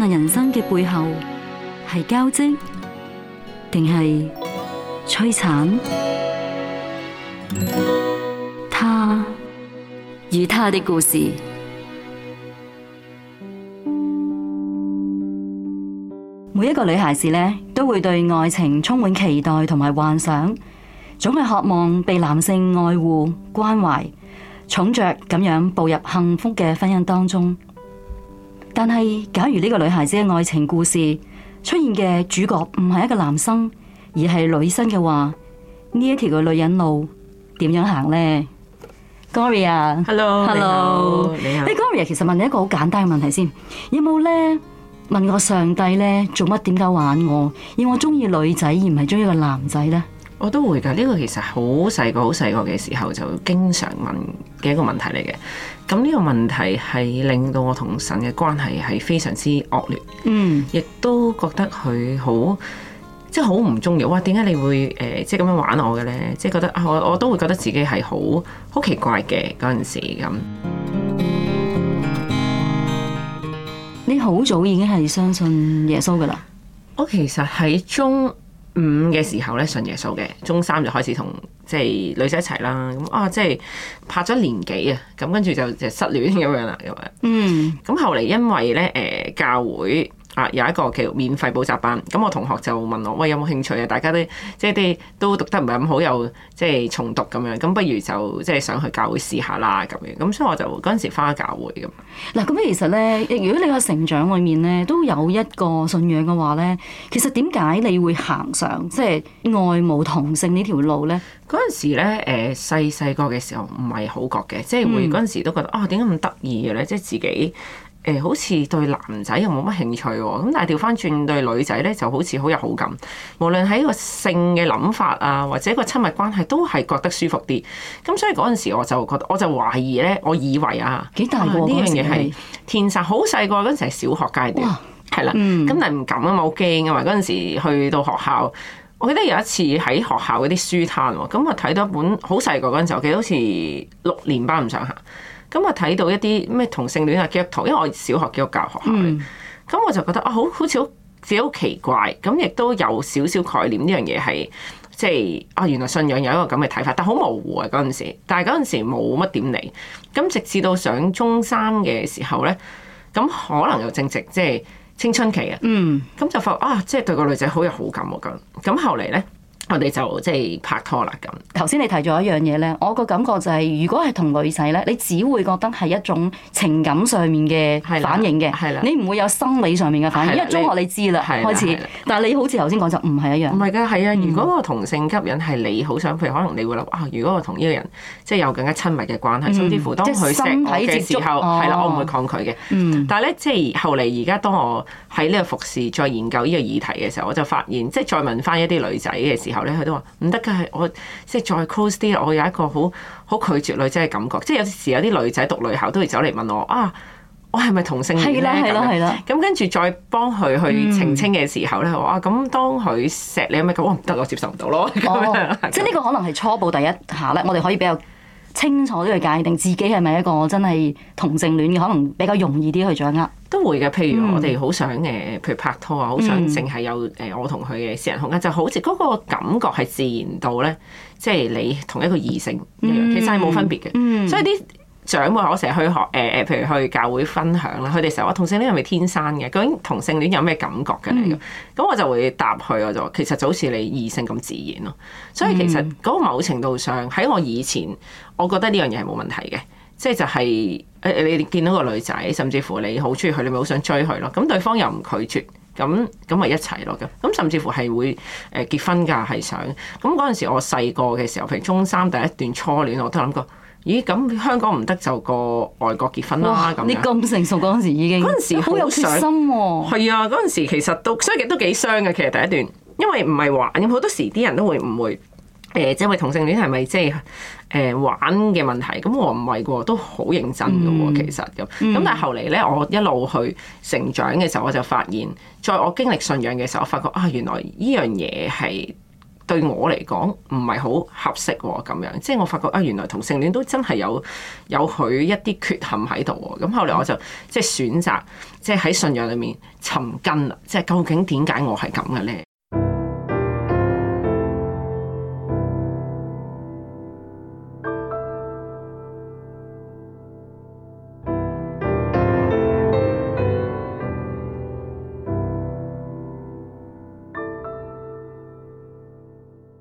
那人生嘅背後係交織，定係摧殘？她與她的故事，每一個女孩子咧都會對愛情充滿期待同埋幻想，總係渴望被男性愛護、關懷、寵着咁樣步入幸福嘅婚姻當中。但係，假如呢個女孩子嘅愛情故事出現嘅主角唔係一個男生，而係女生嘅話，呢一條嘅女人路點樣行呢？Gloria，Hello，Hello。你好，你好。誒、hey, Gloria，其實問你一個好簡單嘅問題先，有冇咧問我上帝咧，做乜點解玩我，要我中意女仔而唔係中意個男仔呢？我都會㗎，呢個其實好細個、好細個嘅時候就經常問嘅一個問題嚟嘅。咁呢個問題係令到我同神嘅關係係非常之惡劣，嗯，亦都覺得佢好即係好唔重要。哇，點解你會誒即係咁樣玩我嘅咧？即係覺得啊，我我都會覺得自己係好好奇怪嘅嗰陣時咁。你好早已經係相信耶穌㗎啦？我其實喺中五嘅時候咧信耶穌嘅，中三就開始同即係女仔一齊啦。咁啊，即係拍咗年幾啊，咁跟住就就失戀咁樣啦，咁樣。樣嗯。咁後嚟因為咧誒、呃、教會。啊，有一個叫免費補習班，咁我同學就問我：喂，有冇興趣啊？大家都即係啲都讀得唔係咁好，又即係重讀咁樣，咁不如就即係想去教會試下啦咁樣。咁所以我就嗰陣時返咗教會咁。嗱，咁其實咧，如果你個成長裏面咧都有一個信仰嘅話咧，其實點解你會行上即係愛慕同性呢條路咧？嗰陣時咧，誒細細個嘅時候唔係好覺嘅，即係會嗰陣時都覺得啊，點解咁得意嘅咧？即係自己。誒、欸、好似對男仔又冇乜興趣喎、哦，咁但係調翻轉對女仔咧就好似好有好感，無論喺個性嘅諗法啊，或者個親密關係都係覺得舒服啲。咁所以嗰陣時我就覺得，我就懷疑咧，我以為啊，幾大㗎呢樣嘢係天生，好細個嗰陣時，係小學階段，係啦。咁但係唔敢啊，冇驚啊嘛。嗰陣時去到學校，我記得有一次喺學校嗰啲書攤喎，咁我睇到一本好細個嗰陣時，我記得好似六年班唔上下。咁我睇到一啲咩同性戀啊，基督徒，因為我小學基督教學校，咁我就覺得啊好好似好似好奇怪，咁亦都有少少概念呢樣嘢係即係啊、哦、原來信仰有一個咁嘅睇法，但係好模糊啊嗰陣時，但係嗰陣時冇乜點嚟，咁直至到上中三嘅時候咧，咁可能又正值即係青春期啊，咁就發覺啊即係對個女仔好有好感喎咁，咁後嚟咧。我哋就即係拍拖啦咁。頭先你提咗一樣嘢咧，我個感覺就係、係，如果係同女仔咧，你只會覺得係一種情感上面嘅反應嘅，係啦的，你唔會有生理上面嘅反應。的因為中學你知啦，的開始。但係你好似頭先講就唔係一樣。唔係㗎，係啊。如果個同性吸引係你好想，譬如可能你會諗啊，如果我同呢個人即係有更加親密嘅關係，甚至乎當佢身體嘅、啊、時候，係啦，我唔會抗拒嘅。嗯、但係咧，即係後嚟而家當我喺呢個服侍再研究呢個議題嘅時候，我就發現，即係再問翻一啲女仔嘅時候。佢都話唔得噶係我即係再 close 啲，我有一個好好拒絕女仔嘅感覺。即係有時有啲女仔讀女校都會走嚟問我啊，我係咪同性戀？係啦係啦係啦。咁跟住再幫佢去澄清嘅時候咧、嗯啊，我話咁當佢錫你，係咪咁？我唔得，我接受唔到咯。哦、樣即係呢個可能係初步第一下啦。我哋可以比較清楚啲去界定，自己係咪一個真係同性戀嘅，可能比較容易啲去掌握。都會嘅，譬如我哋好想誒，譬如拍拖啊，好、嗯、想淨係有誒我同佢嘅私人空間，嗯、就好似嗰個感覺係自然到咧，即、就、係、是、你同一個異性，嗯、其實係冇分別嘅。嗯、所以啲。長輩我成日去學誒誒，譬如去教會分享啦，佢哋成日話同性戀係咪天生嘅？究竟同性戀有咩感覺㗎？咁咁、嗯、我就會答佢，我就其實就好似你異性咁自然咯。所以其實嗰個某程度上喺我以前，我覺得呢樣嘢係冇問題嘅，即係就係誒你見到個女仔，甚至乎你好鍾意佢，你咪好想追佢咯。咁對方又唔拒絕，咁咁咪一齊咯。咁咁甚至乎係會誒結婚㗎，係想。咁嗰陣時我細個嘅時候，譬如中三第一段初戀，我都諗過。咦，咁香港唔得就過外國結婚啦。咁哇樣你咁成熟，嗰陣時已經嗰陣時好有決心喎。係啊，嗰陣時其實都雖然都幾傷嘅，其實第一段，因為唔係玩，好多時啲人都會唔會誒、呃，即係話同性戀係咪即係誒玩嘅問題？咁我唔係喎，都好認真嘅喎，其實咁。咁但係後嚟咧，我一路去成長嘅時候，我就發現，在我經歷信仰嘅時候，我發覺啊，原來呢樣嘢係。對我嚟講唔係好合適喎、哦，咁樣即係我發覺啊、哎，原來同性戀都真係有有佢一啲缺陷喺度喎。咁後嚟我就即係選擇，即係喺信仰裡面尋根，即係究竟點解我係咁嘅呢？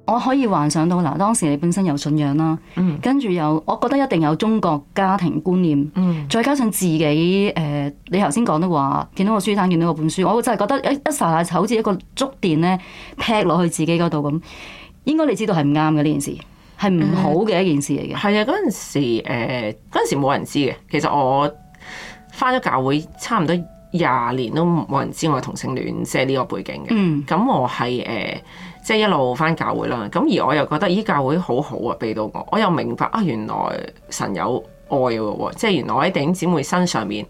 我可以幻想到嗱，當時你本身有信仰啦，跟住、嗯、有，我覺得一定有中國家庭觀念，嗯、再加上自己誒、呃，你頭先講到話，見到個書生，見到個本書，我真係覺得一一剎下就好似一個觸電咧，劈落去自己嗰度咁。應該你知道係唔啱嘅呢件事，係唔好嘅一件事嚟嘅。係啊、嗯，嗰陣時誒，嗰陣、呃、時冇人知嘅。其實我翻咗教會差唔多廿年都冇人知我同性戀即係呢個背景嘅。咁、嗯、我係誒。呃即係一路翻教會啦，咁而我又覺得咦，教會好好啊，俾到我，我又明白啊，原來神有愛喎，即係原來我喺頂姊妹身上面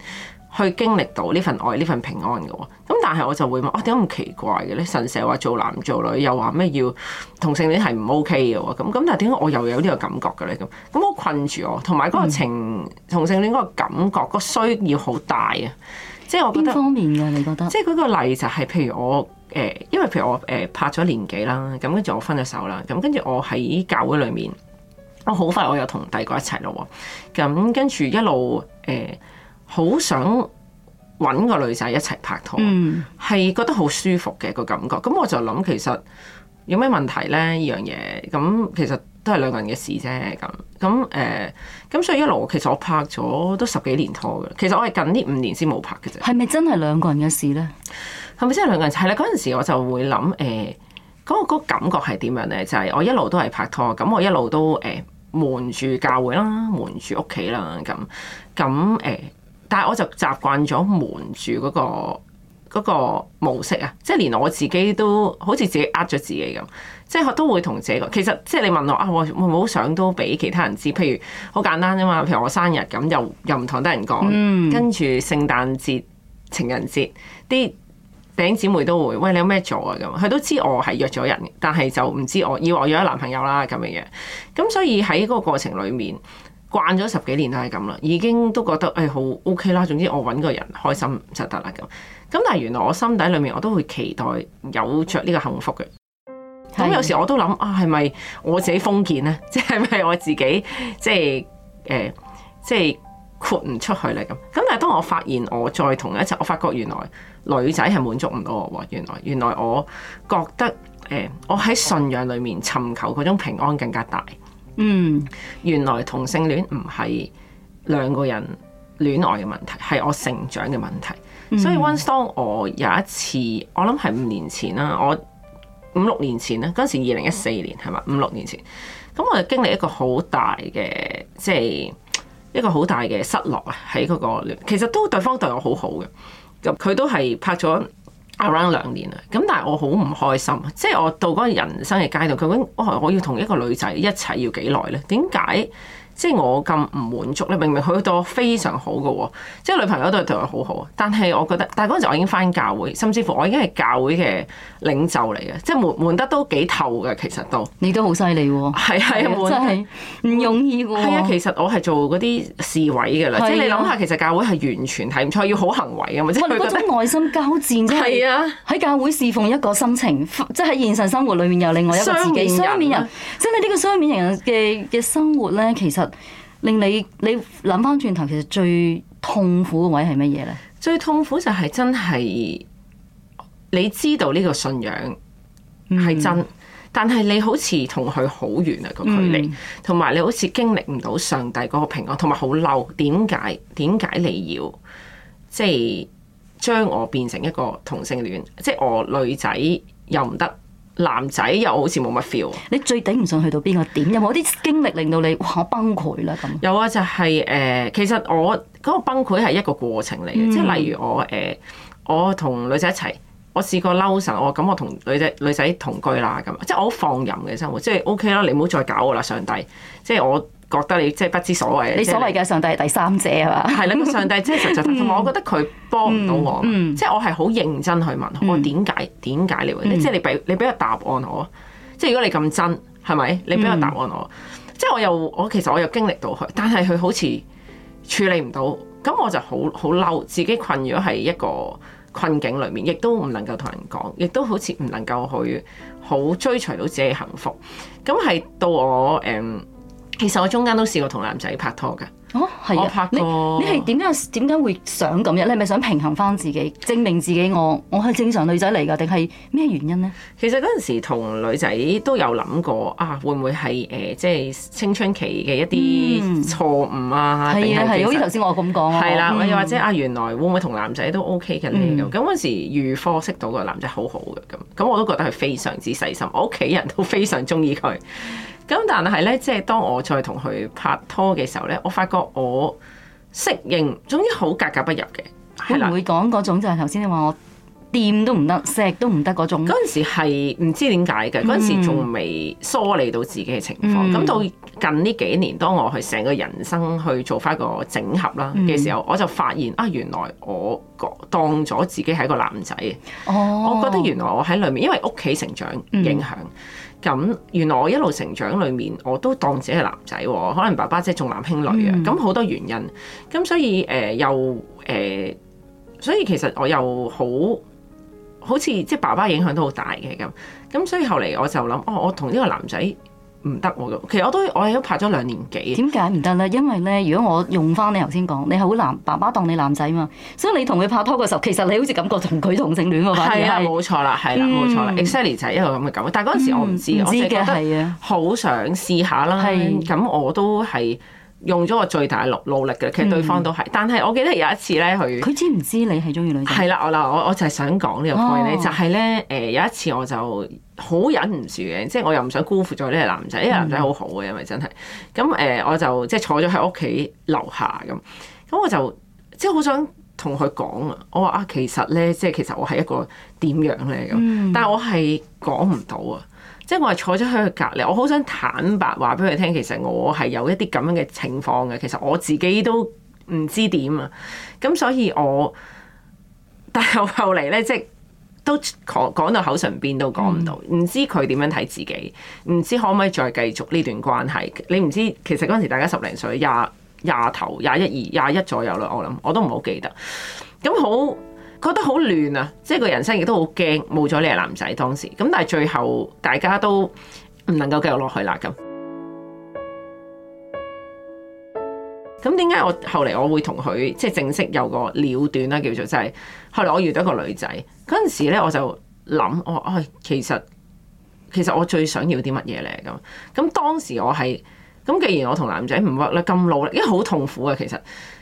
去經歷到呢份愛，呢份平安嘅喎。咁但係我就會問，我點解咁奇怪嘅咧？神成日話做男做女，又話咩要同性戀係唔 OK 嘅喎？咁咁但係點解我又有呢個感覺嘅咧？咁咁好困住我，同埋嗰個情、嗯、同性戀嗰個感覺，個需要好大啊！即係我覺得邊方面嘅？你覺得即係嗰個例就係、是，譬如我。誒，因為譬如我誒拍咗年幾啦，咁跟住我分咗手啦，咁跟住我喺教會裏面，我、哦、好快我又同第二個一齊啦喎，咁跟住一路誒，好、呃、想搵個女仔一齊拍拖，係、嗯、覺得好舒服嘅、個感覺，咁我就諗其實有咩問題呢？呢樣嘢，咁其實都係兩個人嘅事啫，咁咁誒，咁、呃、所以一路其實我拍咗都十幾年拖嘅，其實我係近呢五年先冇拍嘅啫，係咪真係兩個人嘅事呢？係咪即係兩個人係啦？嗰陣時我就會諗誒，嗰、欸、個感覺係點樣咧？就係、是、我一路都係拍拖，咁我一路都誒、欸、瞞住教會啦，瞞住屋企啦，咁咁誒。但係我就習慣咗瞞住嗰、嗰個嗰個模式啊，即係連我自己都好似自己呃咗自己咁，即係都會同自己個。其實即係你問我啊，我會唔會好想都俾其他人知。譬如好簡單啫嘛，譬如我生日咁，又又唔同得人講。跟住、嗯、聖誕節、情人節啲。頂，姐妹都會喂，你有咩做啊？咁，佢都知我係約咗人，但係就唔知我以為我約咗男朋友啦咁樣樣。咁所以喺嗰個過程裡面慣咗十幾年都係咁啦，已經都覺得誒、哎、好 O、okay、K 啦。總之我揾個人開心就得啦咁。咁但係原來我心底裡面我都會期待有着呢個幸福嘅。咁有時我都諗啊，係咪我自己封建呢？即係咪我自己即係誒、欸、即係豁唔出去咧咁？咁但係當我發現我再同一齊，我發覺原來。女仔係滿足唔到我喎，原來原來我覺得誒、欸，我喺信仰裏面尋求嗰種平安更加大。嗯，原來同性戀唔係兩個人戀愛嘅問題，係我成長嘅問題。嗯、所以 once 我有一次，我諗係五年前啦，我五六年前呢，嗰陣時二零一四年係咪？五六年前，咁我就經歷一個好大嘅，即、就、係、是、一個好大嘅失落啊！喺嗰個其實都對方對我好好嘅。咁佢都係拍咗 around 兩年啦，咁但係我好唔開心，即係我到嗰個人生嘅階段，究竟我要同一個女仔一齊要幾耐呢？點解？即係我咁唔滿足，你明明佢對我非常好嘅喎，即係女朋友都係對我好好。但係我覺得，但係嗰陣時我已經返教會，甚至乎我已經係教會嘅領袖嚟嘅，即係悶得都幾透嘅，其實都你都好犀利喎，係係真係唔容易喎。係啊，其實我係做嗰啲侍衞嘅啦，啊、即係你諗下，其實教會係完全係唔錯，要好行為啊。嘛。即係嗰種內心交戰，係啊，喺教會侍奉一個心情，啊、即係喺現實生活裏面有另外一個自己人。雙面人，真係呢個雙面人嘅嘅生活咧，其實。令你你諗翻轉頭，其實最痛苦嘅位係乜嘢呢？最痛苦就係真係你知道呢個信仰係真，嗯嗯、但係你好似同佢好遠啊，個距離，同埋、嗯、你好似經歷唔到上帝嗰個平安，同埋好嬲，點解點解你要即係將我變成一個同性戀？即、就、係、是、我女仔又唔得。男仔又好似冇乜 feel，你最頂唔上去到邊個點？有冇啲經歷令到你哇崩潰咧咁？有啊，就係、是、誒、呃，其實我嗰、那個崩潰係一個過程嚟嘅，即係、嗯、例如我誒、呃，我同女仔一齊，我試過嬲神，我咁我同女仔女仔同居啦咁，即係我好放任嘅生活，即係 OK 啦，你唔好再搞我啦，上帝，即係我。覺得你即係不知所謂，你所謂嘅上帝係第三者啊，嘛的？係啦、 嗯，上帝即係實在同我覺得佢幫唔到我，嗯嗯、即係我係好認真去問我，我點解點解你會即係你俾你俾個答案我，即係如果你咁真係咪？你俾個答案我，嗯、即係我又我其實我又經歷到佢，但係佢好似處理唔到，咁我就好好嬲，自己困咗喺一個困境裏面，亦都唔能夠同人講，亦都好似唔能夠去好追隨到自己嘅幸福。咁係到我誒。嗯其實我中間都試過同男仔拍拖噶，哦，係啊，拍拖。你係點解點解會想咁樣？你係咪想平衡翻自己，證明自己我我係正常女仔嚟㗎？定係咩原因呢？其實嗰陣時同女仔都有諗過啊，會唔會係誒、呃、即係青春期嘅一啲錯誤啊？係啊係，好似頭先我咁講啊，係啦的，又、嗯、或者啊，原來會唔會同男仔都 OK 嘅咁？咁嗰陣時預科識到個男仔好好嘅咁，咁我都覺得佢非常之細心，我屋企人都非常中意佢。咁但係咧，即係當我再同佢拍拖嘅時候咧，我發覺我適應總之好格格不入嘅。係。會唔會講嗰種就係頭先你話我掂都唔得、錫都唔得嗰種？嗰陣時係唔知點解嘅，嗰陣時仲未梳理到自己嘅情況。咁、嗯、到近呢幾年，當我去成個人生去做翻一個整合啦嘅時候，嗯、我就發現啊，原來我當咗自己係一個男仔。哦，我覺得原來我喺裏面，因為屋企成長影響。嗯咁原來我一路成長裏面，我都當自己係男仔喎、哦，可能爸爸即係重男輕女啊，咁好、嗯、多原因，咁所以誒又誒，所以其實我又好好似即係爸爸影響都好大嘅咁，咁所以後嚟我就諗，哦，我同呢個男仔。唔得我嘅，其實我都我係都拍咗兩年幾。點解唔得咧？因為咧，如果我用翻你頭先講，你係好男爸爸當你男仔嘛，所以你同佢拍拖嘅時候，其實你好似感覺同佢同性戀喎。係啊，冇、啊、錯啦，係啦、嗯，冇錯啦。嗯、Xenia、exactly、就係一個咁嘅感覺，但係嗰陣時我唔知。嗯、知我知嘅係啊，好想試下啦。係咁的，我都係用咗我最大努努力嘅，其實對方都係。嗯、但係我記得有一次咧，佢佢知唔知你係中意女仔？係啦，嗱，我我，我，我就係想講呢個 point 咧，就係、是、咧，誒、呃、有一次我就。我就好忍唔住嘅，即係我又唔想辜負咗呢個男仔，呢個男仔好好嘅，因為真係咁誒，我就即係坐咗喺屋企樓下咁，咁我就即係好想同佢講啊，我話啊其實咧，即係其實我係一個點樣咧咁，嗯、但係我係講唔到啊，即係我係坐咗喺佢隔離，我好想坦白話俾佢聽，其實我係有一啲咁樣嘅情況嘅，其實我自己都唔知點啊，咁所以我但係後嚟咧即係。都講講到口唇邊都講唔到，唔知佢點樣睇自己，唔知可唔可以再繼續呢段關係？你唔知其實嗰陣時大家十零歲，廿廿頭廿一二廿一左右啦，我諗我都唔好記得。咁好覺得好亂啊，即係個人生亦都好驚，冇咗你係男仔當時。咁但係最後大家都唔能夠繼續落去啦咁。咁點解我後嚟我會同佢即係正式有個了斷啦，叫做就係後嚟我遇到一個女仔嗰陣時咧，我就諗我啊、哎，其實其實我最想要啲乜嘢咧咁。咁當時我係咁，既然我同男仔唔屈啦，咁努力，因為好痛苦啊。其實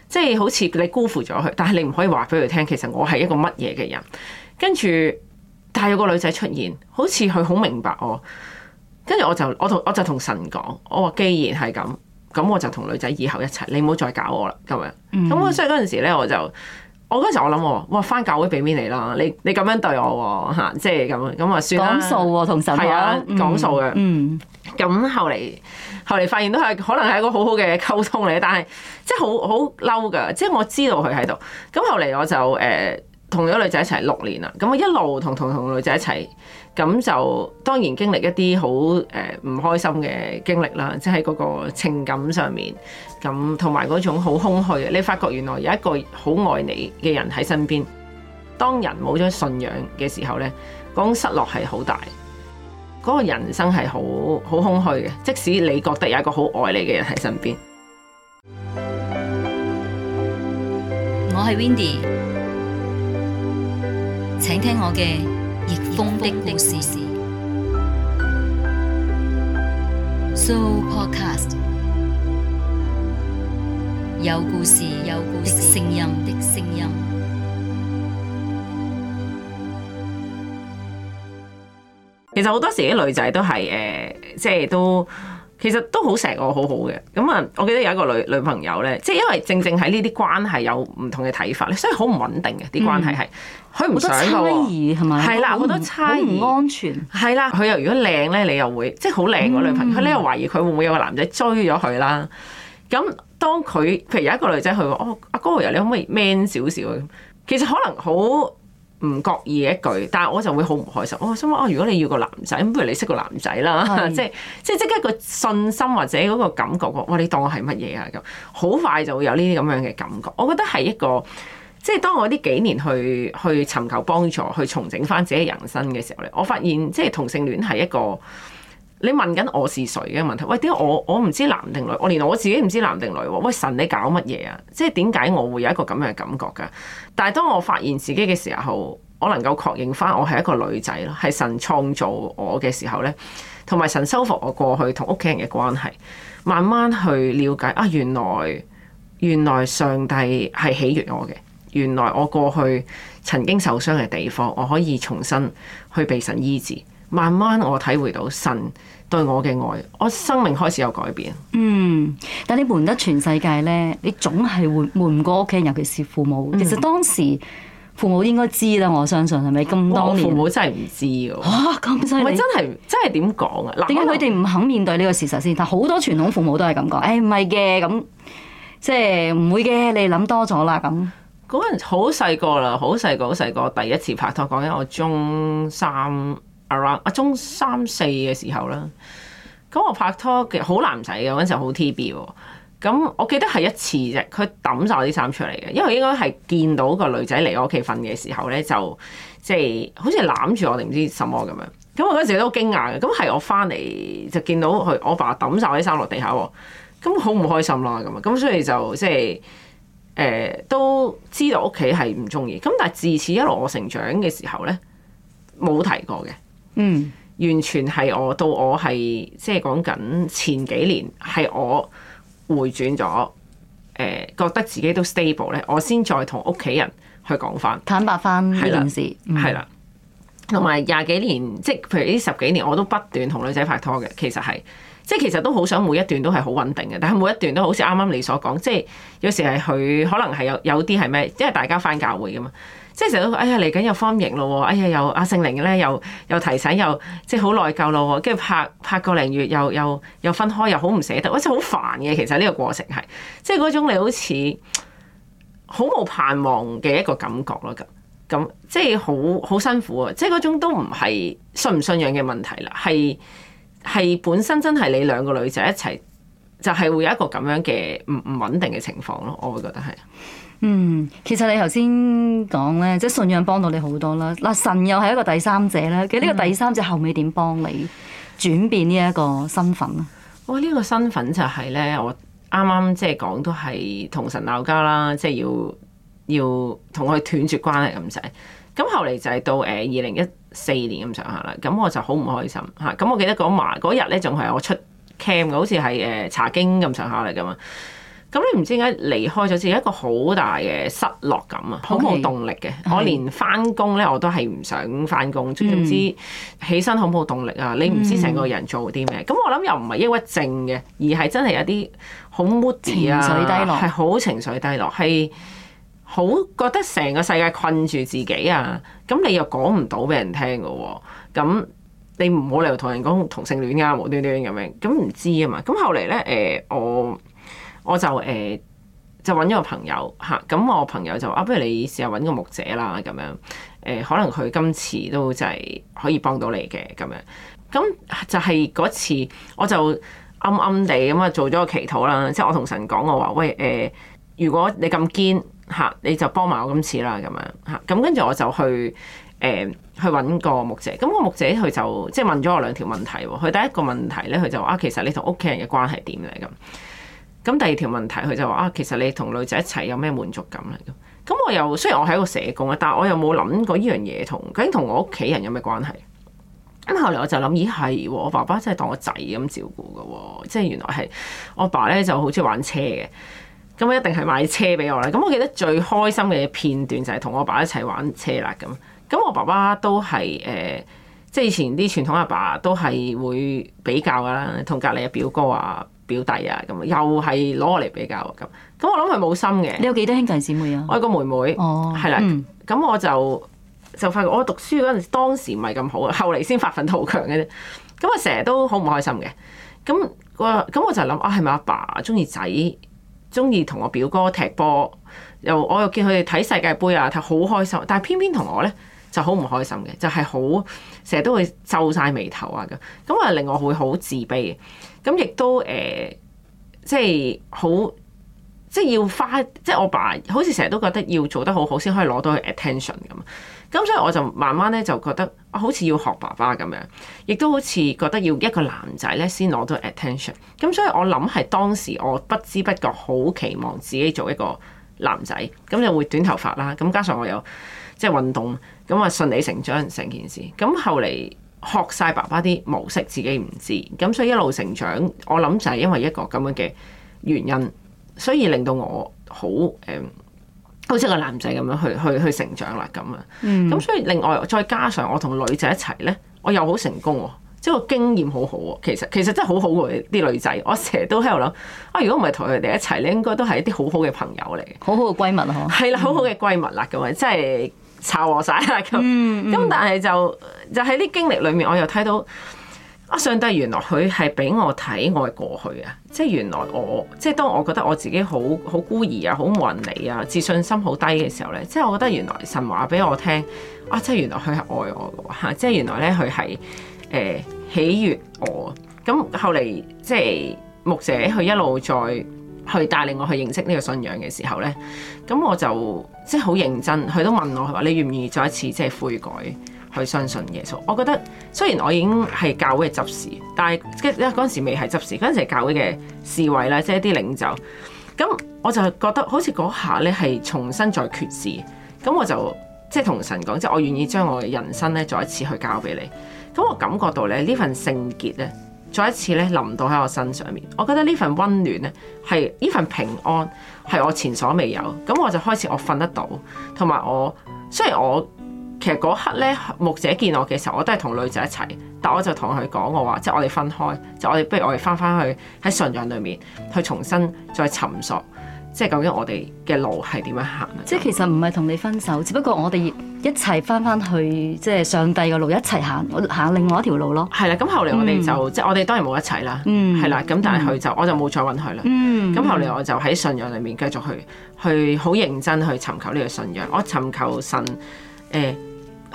即係好似你辜負咗佢，但係你唔可以話俾佢聽，其實我係一個乜嘢嘅人。跟住但係有個女仔出現，好似佢好明白我。跟住我就我同我就同神講，我話既然係咁。咁我就同女仔以後一齊，你唔好再搞我啦，咁樣。咁我、嗯、所以嗰陣時咧，我就，我嗰陣時我諗，我翻教會俾面你啦，你你咁樣對我吓，即係咁樣咁啊，算啦。講數同神係啊，講數嘅。嗯。咁後嚟後嚟發現都係可能係一個好好嘅溝通嚟，但係即係好好嬲噶，即係我知道佢喺度。咁後嚟我就誒同咗女仔一齊六年啦，咁我一路同同同女仔一齊。咁就當然經歷一啲好誒唔開心嘅經歷啦，即係嗰個情感上面，咁同埋嗰種好空虛嘅。你發覺原來有一個好愛你嘅人喺身邊，當人冇咗信仰嘅時候呢，嗰失落係好大，嗰個人生係好好空虛嘅。即使你覺得有一個好愛你嘅人喺身邊，我係 Windy，請聽我嘅。逆風的故事。So Podcast 有故事，有故事的聲音的聲音。其實好多時啲女仔都係誒、呃，即係都。其實都好錫我，好好嘅。咁啊，我記得有一個女女朋友咧，即係因為正正喺呢啲關係有唔同嘅睇法咧，所以好唔穩定嘅啲關係係，佢唔、嗯、想噶喎。好多猜疑係咪？係啦，好唔、好多猜疑，好唔安全。係啦，佢又如果靚咧，你又會即係好靚個女朋友，佢你、嗯、又懷疑佢會唔會有個男仔追咗佢啦。咁當佢譬如有一個女仔佢話：哦，阿、哦、哥哥你可唔可以 man 少少啊？其實可能好。唔覺意一句，但係我就會好唔開心。我心諗啊，如果你要個男仔，不如你識個男仔啦是的。 即係即係即刻個信心或者嗰個感覺，我你當我係乜嘢啊？咁好快就會有呢啲咁樣嘅感覺。我覺得係一個，即係當我呢幾年去去尋求幫助、去重整返自己人生嘅時候咧，我發現即係同性戀係一個。你問緊我是誰嘅問題？喂，點解我我唔知男定女？我連我自己唔知男定女喂，神你搞乜嘢啊？即係點解我會有一個咁嘅感覺噶？但係當我發現自己嘅時候，我能夠確認翻我係一個女仔咯，係神創造我嘅時候呢，同埋神修復我過去同屋企人嘅關係，慢慢去了解啊，原來原來上帝係喜悅我嘅，原來我過去曾經受傷嘅地方，我可以重新去被神醫治。慢慢我體會到神對我嘅愛，我生命開始有改變。嗯，但你瞞得全世界咧，你總係瞞瞞唔過屋企人，尤其是父母。嗯、其實當時父母應該知啦，我相信係咪咁多年父母真係唔知喎？嚇咁犀利，真係真係點講啊？點解佢哋唔肯面對呢個事實先？但好多傳統父母都係咁講，誒唔係嘅咁，即係唔會嘅，你諗多咗啦咁。嗰陣好細個啦，好細個，好細個，第一次拍拖，講緊我中三。啊！Around, 中三四嘅時候啦，咁我拍拖嘅好男仔嘅嗰陣時候好 TB 喎，咁我記得係一次啫，佢抌晒我啲衫出嚟嘅，因為應該係見到個女仔嚟我屋企瞓嘅時候咧，就即係、就是、好似攬住我定唔知什麼咁樣。咁我嗰陣時都好驚訝嘅。咁係我翻嚟就見到佢我爸抌晒我啲衫落地下喎，咁好唔開心啦咁咁所以就即係誒都知道屋企係唔中意。咁但係自此一路我成長嘅時候咧，冇提過嘅。嗯，完全係我到我係即係講緊前幾年係我回轉咗，誒、呃、覺得自己都 stable 咧，我先再同屋企人去講返坦白返呢件事，係啦，同埋廿幾年，即係譬如呢十幾年，我都不斷同女仔拍拖嘅，其實係即係其實都好想每一段都係好穩定嘅，但係每一段都好似啱啱你所講，即係有時係佢可能係有有啲係咩，因為大家返教會㗎嘛。即係成日都，哎呀嚟緊又方形咯喎，哎呀又阿聖、啊、靈咧又又提醒又，即係好內疚咯喎，跟住拍拍個零月又又又分開又好唔捨得，我真係好煩嘅其實呢個過程係，即係嗰種你好似好冇盼望嘅一個感覺咯咁，咁即係好好辛苦啊！即係嗰種都唔係信唔信仰嘅問題啦，係係本身真係你兩個女仔一齊就係、是、會有一個咁樣嘅唔唔穩定嘅情況咯，我會覺得係。嗯，其實你頭先講咧，即係信仰幫到你好多啦。嗱，神又係一個第三者咧，其實呢個第三者後尾點幫你轉變呢一個身份啊？哇、嗯！呢、哦呢個身份就係、是、咧，我啱啱即係講都係同神鬧交啦，即、就、係、是、要要同佢斷絕關係咁滯。咁後嚟就係到誒二零一四年咁上下啦。咁我就好唔開心嚇。咁我記得嗰晚嗰日咧，仲係我出 cam 嘅，好似係誒查經咁上下嚟噶嘛。咁你唔知點解離開咗，自己一個好大嘅失落感啊，好冇 Okay. 動力嘅。Okay. 我連翻工咧，我都係唔想翻工。總之、mm. 起身好冇動力啊，mm. 你唔知成個人做啲咩。咁我諗又唔係抑鬱症嘅，而係真係有啲好 moody 啊，係好情緒低落，係好覺得成個世界困住自己啊。咁你又講唔到俾人聽嘅喎、啊。咁你唔好嚟同人講同性戀啊，無端端咁樣咁唔知啊嘛。咁後嚟咧，誒、呃、我。我就誒、欸、就揾咗個朋友嚇，咁我朋友就啊，不如你試下揾個牧者啦，咁樣誒，欸、可能佢今次都就係可以幫到你嘅咁樣。咁就係嗰次，我就暗暗地咁啊做咗個祈禱啦，即係我同神講我話喂，誒、呃，如果你咁堅嚇，你就幫埋我今次啦咁樣嚇。咁跟住我就去誒、欸、去揾個牧者，咁個牧者佢就即係問咗我兩條問題喎。佢第一個問題咧，佢就話啊，其實你同屋企人嘅關係點嚟咁？咁第二條問題，佢就話啊，其實你同女仔一齊有咩滿足感嚟？咁我又雖然我係個社工啊，但我又冇諗過呢樣嘢同究竟同我屋企人有咩關係？咁後嚟我就諗，咦係，我爸爸真係當我仔咁照顧噶，即係原來係我爸咧就好中意玩車嘅，咁一定係買車俾我啦。咁我記得最開心嘅片段就係同我爸，爸一齊玩車啦。咁咁我爸爸都係誒、呃，即係以前啲傳統阿爸，爸都係會比較噶啦，同隔離嘅表哥啊，表弟啊，咁又係攞我嚟比較咁，咁我諗佢冇心嘅。你有幾多兄弟姊妹啊？我有個妹妹，係啦、oh.，咁我就就發覺我讀書嗰陣當時唔係咁好來啊，後嚟先發奮圖強嘅啫。咁我成日都好唔開心嘅。咁我咁我就諗，我係咪阿爸中意仔，中意同我表哥踢波，又我又見佢哋睇世界盃啊，睇好開心，但係偏偏同我咧，就好唔開心嘅，就係好成日都會皺晒眉頭啊咁，咁啊令我會好自卑嘅。咁亦都誒、呃，即係好即係要花，即係我爸好似成日都覺得要做得好好先可以攞到佢 attention 咁。咁所以我就慢慢咧就覺得，好似要學爸爸咁樣，亦都好似覺得要一個男仔咧先攞到 attention。咁所以我諗係當時我不知不覺好期望自己做一個男仔，咁就會短頭髮啦。咁加上我有。即係運動咁啊，順理成章成件事。咁後嚟學晒爸爸啲模式，自己唔知。咁所以一路成長，我諗就係因為一個咁樣嘅原因，所以令到我好誒、嗯，好似個男仔咁樣去去去成長啦咁啊。咁所以另外再加上我同女仔一齊呢，我又好成功喎，即係個經驗好好喎。其實其實真係好好喎啲女仔。我成日都喺度諗，啊如果唔係同佢哋一齊你應該都係一啲好好嘅朋友嚟嘅，好好嘅閨蜜啊，係啦、嗯，好好嘅閨蜜啦咁啊，真係～炒我晒啦咁，咁、 嗯嗯、但係就就喺啲經歷裏面，我又睇到啊上帝原來佢係俾我睇我嘅過去啊！即係原來我即係當我覺得我自己好好孤兒啊，好冇人理啊，自信心好低嘅時候咧，即係我覺得原來神話俾我聽啊！即係原來佢係愛我嘅嚇，即係原來咧佢係誒喜悅我。咁後嚟即係牧者佢一路再去帶領我去認識呢個信仰嘅時候咧，咁我就。即係好認真，佢都問我，佢話你願唔願意再一次即係悔改去相信耶穌？我覺得雖然我已經係教會嘅執事，但係即係嗰陣時未係執事，嗰陣時係教會嘅侍衛啦，即係一啲領袖。咁我就覺得好似嗰下咧係重新再決志。咁我就即係同神講，即係我願意將我嘅人生咧再一次去交俾你。咁我感覺到咧呢份聖潔咧。再一次咧臨到喺我身上面，我覺得呢份温暖咧係呢份平安係我前所未有，咁我就開始我瞓得到，同埋我雖然我其實嗰刻咧牧者見我嘅時候，我都係同女仔一齊，但我就同佢講我話，即係我哋分開，就我哋不如我哋翻翻去喺信仰裏面去重新再尋索。即係究竟我哋嘅路係點樣行？即係其實唔係同你分手，只不過我哋一齊翻翻去即係上帝嘅路一齊行，我行另外一條路咯。係啦，咁後嚟我哋就、嗯、即係我哋當然冇一齊啦，係啦、嗯，咁但係佢就、嗯、我就冇再揾佢啦。咁、嗯、後嚟我就喺信仰裡面繼續去去好認真去尋求呢個信仰。我尋求神誒、呃、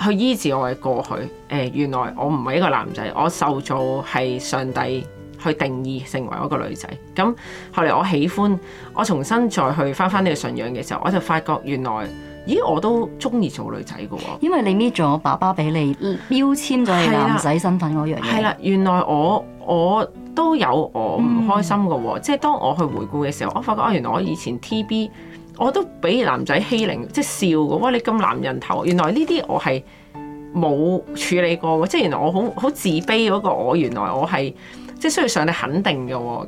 去醫治我嘅過去。誒、呃、原來我唔係一個男仔，我受咗係上帝，去定義成為嗰個女仔，咁後嚟我喜歡，我重新再去返返呢個信仰嘅時候，我就發覺原來，咦，我都中意做女仔㗎喎。因為你搣咗爸爸俾你標籤咗嘅男仔身份嗰樣嘢。係啦、啊啊，原來我我，我都有我唔開心㗎喎，嗯、即係當我去回顧嘅時候，我發覺、啊、原來我以前 TB 我都俾男仔欺凌，即係笑㗎，哇，你咁男人頭。原來呢啲我係冇處理過嘅，即係原來我好好自卑嗰個我，原來我係。即係需要上你肯定嘅喎、哦，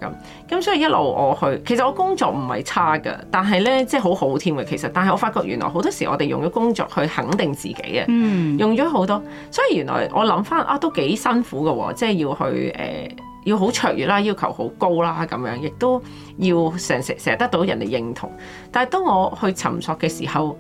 咁咁所以一路我去，其實我工作唔係差嘅，但係咧即係好好添嘅其實，但係我發覺原來好多時我哋用咗工作去肯定自己啊，嗯、用咗好多，所以原來我諗翻啊都幾辛苦嘅、哦，即係要去誒、呃、要好卓越啦，要求好高啦咁樣，亦都要成成日得到人哋認同。但係當我去尋索嘅時候，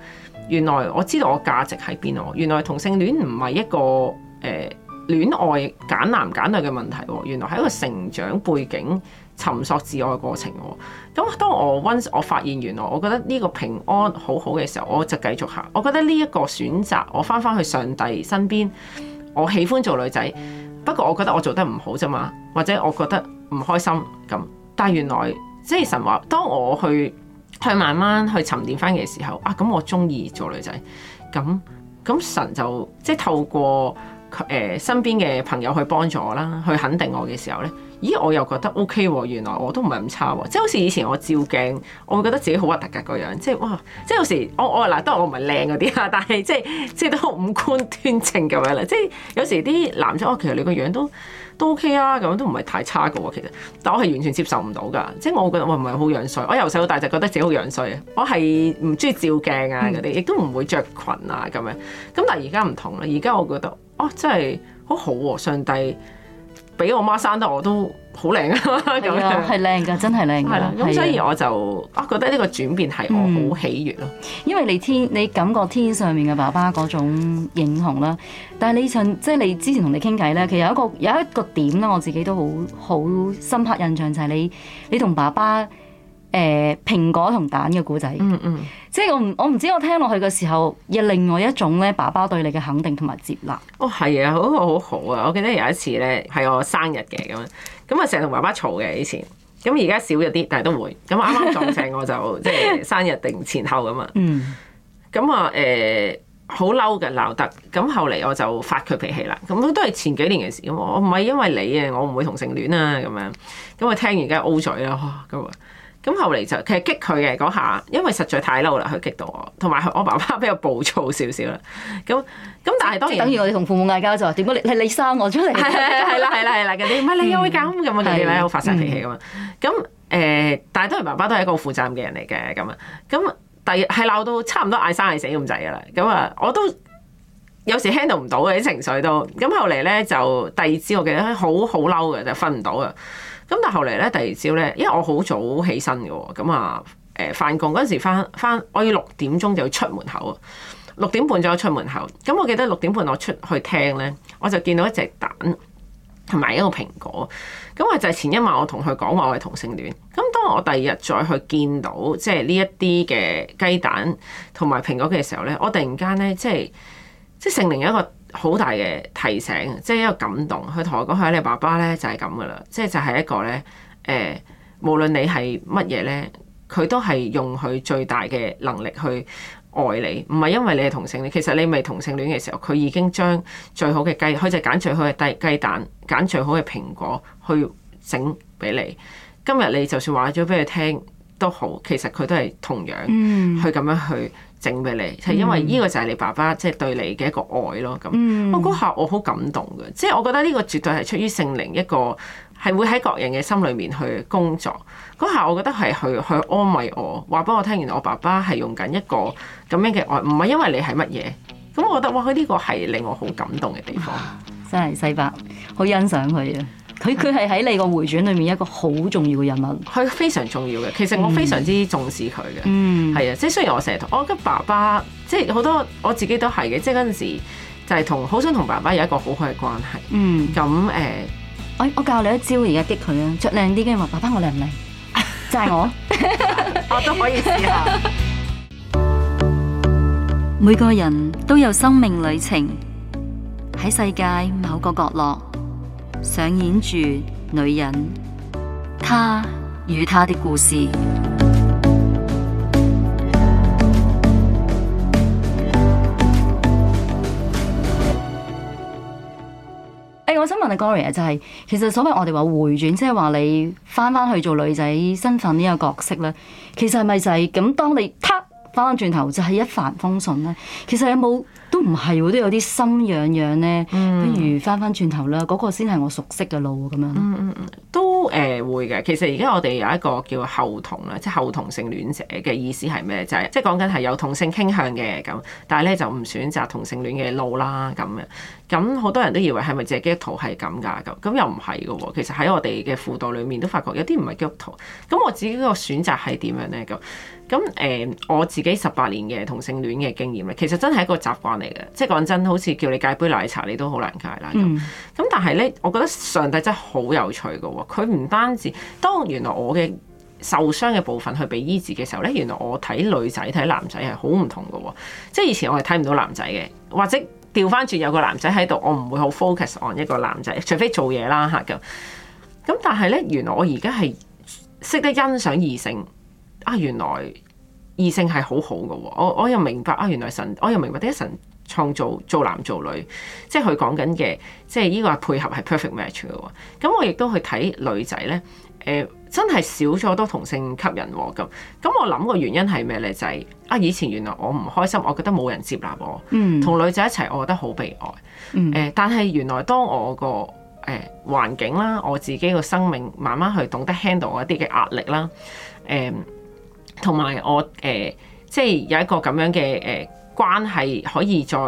原來我知道我價值喺邊咯，原來同性戀唔係一個誒。呃戀愛揀男揀女嘅問題、哦，原來係一個成長背景尋索自愛嘅過程、哦。咁、嗯、當我溫，我發現原來我覺得呢個平安好好嘅時候，我就繼續行。我覺得呢一個選擇，我翻翻去上帝身邊，我喜歡做女仔。不過我覺得我做得唔好啫嘛，或者我覺得唔開心咁。但係原來即係神話，當我去去慢慢去沉澱翻嘅時候，啊咁、嗯嗯、我中意做女仔。咁、嗯、咁、嗯、神就即係透過。誒身邊嘅朋友去幫助我啦，去肯定我嘅時候咧，咦？我又覺得 O K 喎，原來我都唔係咁差喎、啊，即係好似以前我照鏡，我會覺得自己好核突㗎個樣，即係哇，即係有時我我嗱，當然我唔係靚嗰啲啊，但係即係即係都五官端正咁樣啦。即係有時啲男仔哦，其實你個樣都都 O、OK、K 啊，咁都唔係太差㗎喎。其實，但我係完全接受唔到㗎，即係我覺得我唔係好樣衰。我由細到大就覺得自己好樣衰啊。我係唔中意照鏡啊，嗰啲亦都唔會着裙啊咁樣。咁、嗯、但係而家唔同啦，而家我覺得。哦、啊，真係好好、啊、上帝俾我媽生得我都好靚啊，咁樣係靚噶，真係靚噶。係啦、啊，咁所以我就啊我覺得呢個轉變係我好喜悅咯、啊嗯。因為你天你感覺天上面嘅爸爸嗰種認同啦，但係你上即係你之前同你傾偈咧，其實有一個有一個點啦，我自己都好好深刻印象就係、是、你你同爸爸誒、呃、蘋果同蛋嘅故仔、嗯。嗯嗯。即係我唔我唔知我聽落去嘅時候有另外一種咧，爸爸對你嘅肯定同埋接納哦。哦係啊，嗰個好，好好啊！我記得有一次咧係我生日嘅咁樣，咁啊成日同爸爸嘈嘅以前，咁而家少咗啲，但係都會。咁啱啱撞正我就 即係生日定前後咁嘛。咁啊誒好嬲嘅鬧得，咁後嚟我就發佢脾氣啦。咁都都係前幾年嘅事，我唔係因為你啊，我唔會同性戀啊咁樣。咁我聽完而家 O 嘴啦咁啊。呃咁後嚟就其實激佢嘅嗰下，因為實在太嬲啦，佢激到我，同埋我爸爸比較暴躁少少啦。咁咁但係是當然，等於我哋同父母嗌交咗，點解你你生我出嚟？係啦係啦係啦，你唔係你又會咁咁啊？你咧、嗯、發曬脾氣噶嘛？咁誒的、嗯，但係當然爸爸都係一個負責任嘅人嚟嘅咁啊。咁第係鬧到差唔多嗌生嗌死咁滯噶啦。咁啊，我都有時 handle 唔到嘅啲情緒都。咁後嚟咧就第二朝，我記得好好嬲嘅，就瞓唔到啊。咁但係後嚟，咧，第二朝咧，因為我好早起身嘅。咁啊，誒、呃，翻工，嗰陣時翻翻，我要六點鐘就要出門口啊，六點半就要出門口。咁我記得六點半我出去聽咧，我就見到一隻蛋同埋一個蘋果。咁我就係前一晚我同佢講話我係同性戀。咁當我第二日再去見到即係呢一啲嘅雞蛋同埋蘋果嘅時候咧，我突然間咧即係即係成另一個。好大嘅提醒，即係一個感動。佢同我講，佢你爸爸咧就係咁噶啦，即係就係一個咧，誒、哎，無論你係乜嘢咧，佢都係用佢最大嘅能力去愛你，唔係因為你係同性戀，其實你咪同性戀嘅時候，佢已經將最好嘅雞，佢就揀最好嘅啲雞蛋，揀最好嘅蘋果去整俾你。今日你就算話咗俾佢聽都好，其實佢都係同樣去咁樣去。嗯整俾你，係、就是、因為呢個就係你爸爸即係、就是、對你嘅一個愛咯。咁，我嗰下我好感動嘅，即係我覺得呢個絕對係出於聖靈一個係會喺各人嘅心裏面去工作。嗰下我覺得係去去安慰我，話俾我聽。原來我爸爸係用緊一個咁樣嘅愛，唔係因為你係乜嘢。咁我覺得哇，佢、這、呢個係令我好感動嘅地方。真係世伯，好欣賞佢啊！佢佢係喺你個迴轉裏面一個好重要嘅人物，佢非常重要嘅。其實我非常之重視佢嘅，係啊、嗯，即、嗯、係雖然我成日同我嘅爸爸，即係好多我自己都係嘅。即係嗰陣時就係同好想同爸爸有一個好好嘅關係。嗯，咁誒，哎，我教你一招而家激佢啊，着靚啲嘅話，爸爸我靚唔靚？ 就係是我， 我都可以試下。 每個人都有生命旅程喺世界某個角落。上演住女人，她與她的故事。誒、欸，我想問你 Gloria 就係、是，其實所謂我哋話回轉，即係話你翻翻去做女仔身份呢個角色咧，其實係咪就係、是、咁？當你突翻翻轉頭就係一帆風順咧？其實有冇？都唔係喎，都有啲心癢癢呢。嗯、不如返返轉頭啦，嗰、那個先係我熟悉嘅路咁樣。嗯、都誒會嘅，其實而家我哋有一個叫後同啦，即係後同性戀者嘅意思係咩？就係、是、即係講緊係有同性傾向嘅咁，但係呢就唔選擇同性戀嘅路啦咁樣。咁好多人都以為係咪自己基督徒係咁㗎？咁咁又唔係嘅喎。其實喺我哋嘅輔導裡面都發覺有啲唔係基督徒。咁我自己個選擇係點樣咧？咁咁誒，我自己十八年嘅同性戀嘅經驗咧，其實真係一個習慣嚟嘅。即係講真，好似叫你戒杯奶茶，你都好難戒啦。咁但係咧，我覺得上帝真係好有趣嘅喎。佢唔單止當原來我嘅受傷嘅部分去俾醫治嘅時候咧，原來我睇女仔睇男仔係好唔同嘅喎。即係以前我係睇唔到男仔嘅，或者。調翻轉有個男仔喺度，我唔會好 focus on 一個男仔，除非做嘢啦嚇嘅。咁、啊、但係呢，原來我而家係識得欣賞異性啊！原來異性係好好嘅喎。我我又明白啊！原來神，我又明白啲神創造做男做女，即係佢講緊嘅，即係呢個配合係 perfect match 嘅喎。咁、啊啊、我亦都去睇女仔呢。呃真係少咗多同性吸引喎，咁咁我諗個原因係咩呢？就係、是、啊，以前原來我唔開心，我覺得冇人接納我，同、嗯、女仔一齊我覺得好悲哀。誒、嗯，但係原來當我個誒、欸、環境啦，我自己個生命慢慢去懂得 handle 我一啲嘅壓力啦，誒、欸，同埋我誒、欸、即係有一個咁樣嘅誒、欸、關係可以再。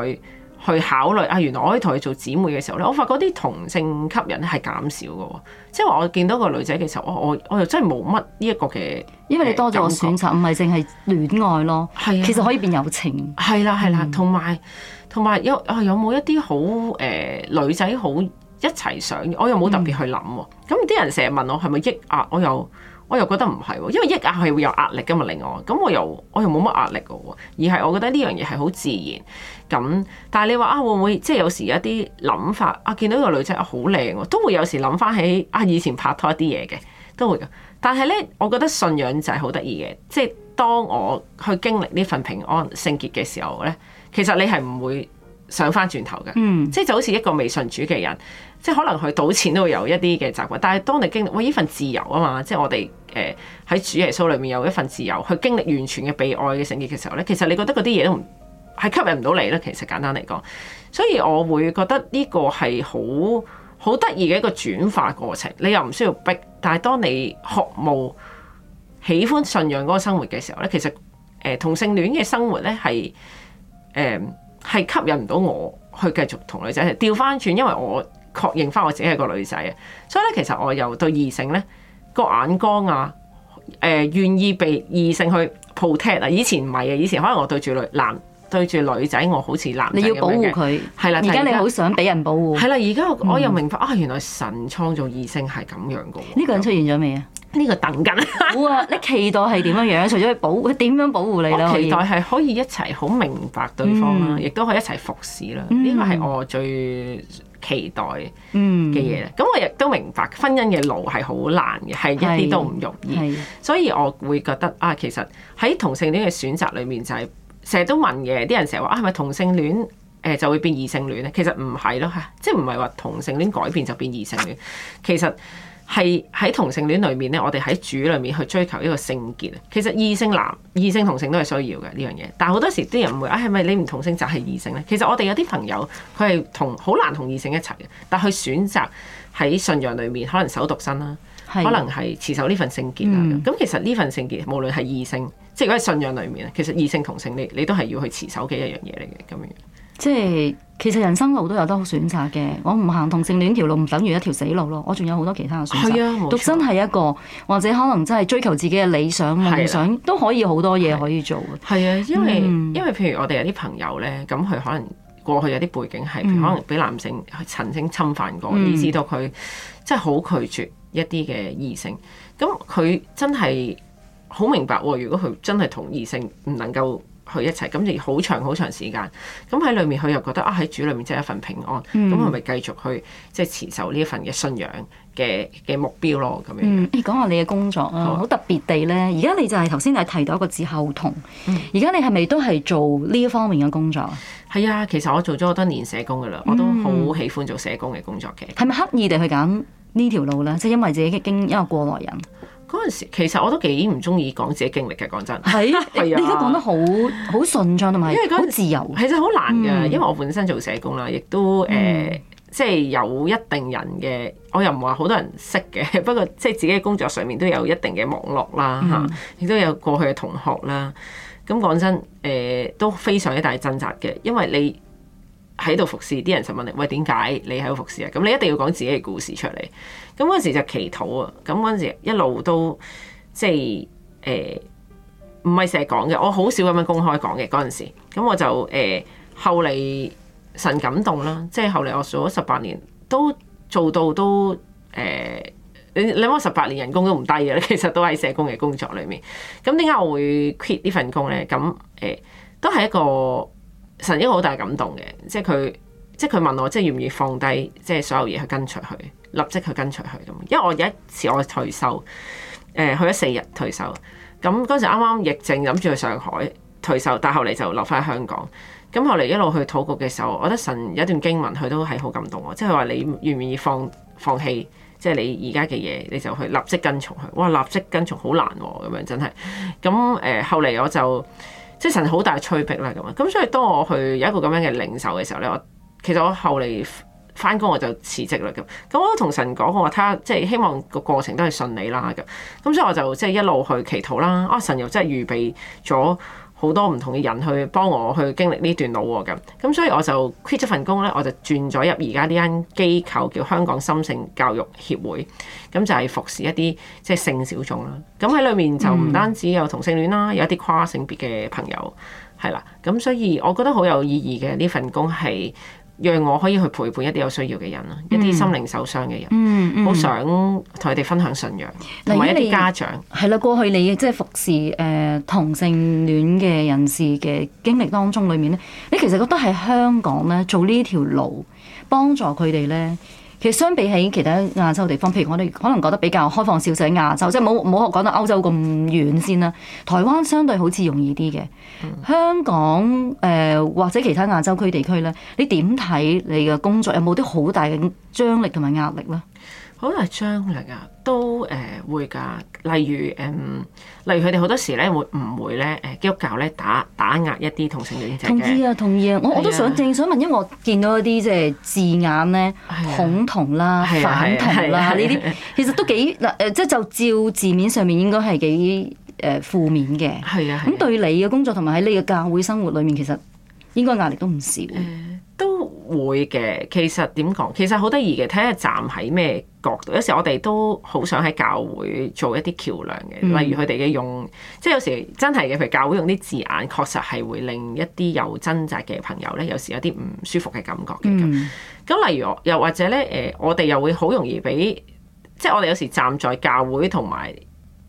去考慮啊，原來我可以同佢做姊妹嘅時候咧，我發覺啲同性吸引咧係減少嘅，即係話我見到個女仔嘅時候，我我我又真係冇乜呢一個嘅，因為你多咗個選擇，唔係淨係戀愛咯，係啊，其實可以變友情，係啦係啦，同埋同埋有有冇一啲好誒、呃、女仔好一齊想？我又冇特別去諗喎、啊，咁啲、嗯嗯、人成日問我係咪抑壓、啊，我又。我又覺得唔係喎，因為抑壓係會有壓力噶嘛，另外咁我又我又冇乜壓力嘅喎，而係我覺得呢樣嘢係好自然。咁但係你話啊，會唔會即係有時一啲諗法啊，見到個女仔好靚，都會有時諗返起啊以前拍拖一啲嘢嘅，都會嘅。但係呢，我覺得信仰就係好得意嘅，即係當我去經歷呢份平安聖潔嘅時候呢，其實你係唔會。上翻轉頭嘅，嗯、即係就好似一個未信主嘅人，即係可能佢賭錢都會有一啲嘅習慣，但係當你經歷喂呢份自由啊嘛，即係我哋誒喺主耶穌裏面有一份自由，去經歷完全嘅被愛嘅聖潔嘅時候咧，其實你覺得嗰啲嘢都係吸引唔到你咧。其實簡單嚟講，所以我會覺得呢個係好好得意嘅一個轉化過程。你又唔需要逼，但係當你渴慕喜歡信仰嗰個生活嘅時候咧，其實誒、呃、同性戀嘅生活咧係誒。係吸引唔到我去繼續同女仔，係掉翻轉，因為我確認翻我自己係個女仔啊，所以咧其實我又對異性咧個眼光啊，誒、呃、願意被異性去 protect 啊，以前唔係啊，以前可能我對住女男對住女仔，我好似男仔咁嘅。你要保護佢，係啦，而家你好想俾人保護。係啦，而家我又明白、嗯、啊，原來神創造異性係咁樣嘅。呢個人出現咗未啊？呢個等緊，好啊！你期待係點樣樣？除咗保，點樣保護你咯？我期待係可以一齊好明白對方啦、啊，亦都、嗯、可以一齊服侍啦、啊。呢個係我最期待嘅嘢、啊。咁、嗯、我亦都明白婚姻嘅路係好難嘅，係一啲都唔容易。所以，我會覺得啊，其實喺同性戀嘅選擇裡面就係成日都問嘅，啲人成日話啊，係咪同性戀誒就會變異性戀咧？其實唔係咯嚇、啊，即係唔係話同性戀改變就變異性戀？其實。係喺同性戀裏面咧，我哋喺主裏面去追求一個聖潔啊。其實異性男、異性同性都係需要嘅呢樣嘢。但係好多時啲人唔會啊，係、哎、咪你唔同性就係異性咧？其實我哋有啲朋友佢係同好難同異性一齊嘅，但佢選擇喺信仰裏面可能守獨身啦，可能係持守呢份聖潔啦。咁的其實呢份聖潔無論係異性，嗯、即係如果係信仰裏面啊，其實異性同性你你都係要去持守嘅一樣嘢嚟嘅咁樣。即係其實人生路都有得選擇嘅，我唔行同性戀條路唔等於一條死路咯，我仲有好多其他嘅選擇。獨身係一個，或者可能真係追求自己嘅理想夢、啊、想，都可以好多嘢可以做。係啊，因為、嗯、因為譬如我哋有啲朋友咧，咁佢可能過去有啲背景係，可能俾男性曾經侵犯過，嗯、以致到佢真係好拒絕一啲嘅異性。咁佢真係好明白、啊，如果佢真係同異性唔能夠。去一齊，咁就好長好長時間。咁喺裏面，佢又覺得啊，喺主裏面即係一份平安。咁係咪繼續去即係、就是、持守呢一份嘅信仰嘅嘅目標咯？咁樣。嗯，講下你嘅工作啊，好特別地咧。而家你就係頭先係提到一個字後同。而家、嗯、你係咪都係做呢一方面嘅工作？係啊、嗯，其實我做咗好多年社工噶啦，我都好喜歡做社工嘅工作嘅。係咪刻意地去揀呢條路咧？即、就、係、是、因為自己經因為過來人。嗰陣時，其實我都幾唔鍾意講自己經歷嘅，講真。係是，啊、你而家講得好好順暢同埋好自由。其實好難嘅，mm. 因為我本身做社工啦，亦都誒、mm. 呃，即係有一定人嘅。我又唔話好多人識嘅，不過即係自己嘅工作上面都有一定嘅網絡啦嚇，亦、mm. 啊、都有過去嘅同學啦。咁講真誒、呃，都非常之大掙扎嘅，因為你。喺度服侍，啲人就問你：喂，點解你喺度服侍啊？咁你一定要講自己嘅故事出嚟。咁嗰陣時就祈禱啊。咁嗰陣時一路都即係誒，唔係成日講嘅。我好少咁樣公開講嘅嗰陣時。咁我就誒、欸、後嚟神感動啦。即係後嚟我做咗十八年，都做到都誒、欸，你你諗下十八年人工都唔低嘅。其實都喺社工嘅工作裏面。咁點解我會 quit 呢份工咧？咁誒、欸、都係一個。神一個好大感動嘅，即係佢，即係佢問我，即係願唔願意放低，即係所有嘢去跟隨佢，立即去跟隨佢咁。因為我有一次我退休，誒、呃、去咗四日退休，咁嗰時啱啱疫症，諗住去上海退休，但係後嚟就留翻香港。咁後嚟一路去禱告嘅時候，我覺得神有一段經文，佢都係好感動我，即係話你願唔願意放放棄，即係你而家嘅嘢，你就去立即跟從佢。哇！立即跟從好難喎、啊，咁樣真係。咁誒後嚟我就。即係神好大催逼啦咁啊，咁所以當我去有一個咁樣嘅領受嘅時候咧，我其實我後嚟翻工我就辭職啦咁，咁我都同神講我話他，即係希望個過程都係順利啦咁，咁所以我就即係一路去祈禱啦，啊神，又真係預備咗。好多唔同嘅人去幫我去經歷呢段路㗎，咁，咁所以我就 quit 咗份工呢，我就轉咗入而家呢間機構叫香港心性教育協會，咁就係服侍一啲即係性小眾啦。咁喺裏面就唔單止有同性戀啦，有一啲跨性別嘅朋友係啦，咁所以我覺得好有意義嘅呢份工係。讓我可以去陪伴一啲有需要嘅人咯，嗯、一啲心靈受傷嘅人，好、嗯嗯、想同佢哋分享信仰，同埋一啲家長。係啦、啊，過去你即係、就是、服侍誒、呃、同性戀嘅人士嘅經歷當中裏面咧，你其實覺得喺香港咧做呢條路幫助佢哋咧？其實相比起其他亞洲地方，譬如我哋可能覺得比較開放少少亞洲，即係冇冇學講到歐洲咁遠先啦。台灣相對好似容易啲嘅，香港誒、呃、或者其他亞洲區地區咧，你點睇你嘅工作有冇啲好大嘅張力同埋壓力咧？好啦，張力啊，都誒會㗎。例如誒、嗯，例如佢哋好多時咧會唔會咧誒基督教咧打打壓一啲同性戀者？同意啊，同意啊，我我都想、啊、正想問，因為我見到一啲即係字眼咧，恐同、啊、啦、啊啊、反同啦呢啲、啊啊啊，其實都幾嗱誒，即係就照字面上面應該係幾誒負面嘅。係啊，咁、啊、對你嘅工作同埋喺你嘅教會生活裏面，其實應該壓力都唔少。都會嘅，其實點講？其實好得意嘅，睇下站喺咩角度。有時我哋都好想喺教會做一啲橋梁嘅，嗯、例如佢哋嘅用，即係有時真係嘅，譬如教會用啲字眼，確實係會令一啲有掙扎嘅朋友咧，有時有啲唔舒服嘅感覺嘅。咁、嗯，咁例如又或者咧，誒，我哋又會好容易俾，即係我哋有時站在教會同埋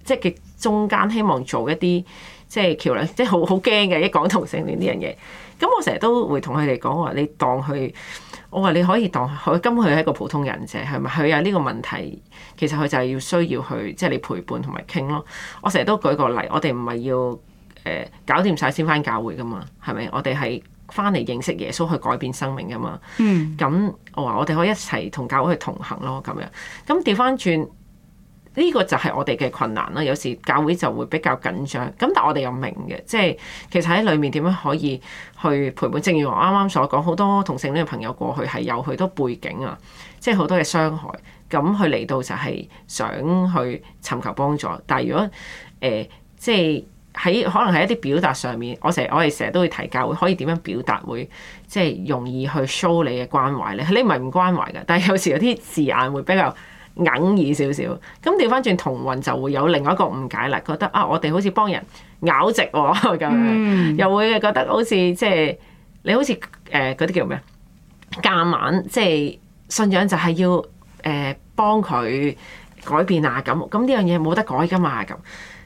即係嘅中間，希望做一啲即係橋梁，即係好好驚嘅，一講同性戀呢樣嘢。咁我成日都會同佢哋講話，你當佢，我話你可以當佢根本佢係一個普通人啫，係咪？佢有呢個問題，其實佢就係要需要去，即係你陪伴同埋傾咯。我成日都舉個例，我哋唔係要誒搞掂晒先翻教會噶嘛，係咪？我哋係翻嚟認識耶穌去改變生命噶嘛。嗯。咁我話我哋可以一齊同教會去同行咯，咁樣。咁調翻轉。呢個就係我哋嘅困難啦，有時教會就會比較緊張。咁但係我哋又明嘅，即係其實喺裡面點樣可以去陪伴。正如我啱啱所講，好多同性戀嘅朋友過去係有許多背景啊，即係好多嘅傷害。咁佢嚟到就係想去尋求幫助。但係如果誒、呃，即係喺可能係一啲表達上面，我成我哋成日都會提教會可以點樣表達會即係容易去 show 你嘅關懷咧。你唔係唔關懷嘅，但係有時有啲字眼會比較硬意少少，咁調返轉，同運就會有另外一個誤解啦，覺得啊，我哋好似幫人拗直喎咁樣， 又會覺得好似即係你好似誒嗰啲叫咩啊？夾硬即係信仰就係要誒、呃、幫佢改變啊咁，咁呢樣嘢冇得改㗎嘛咁，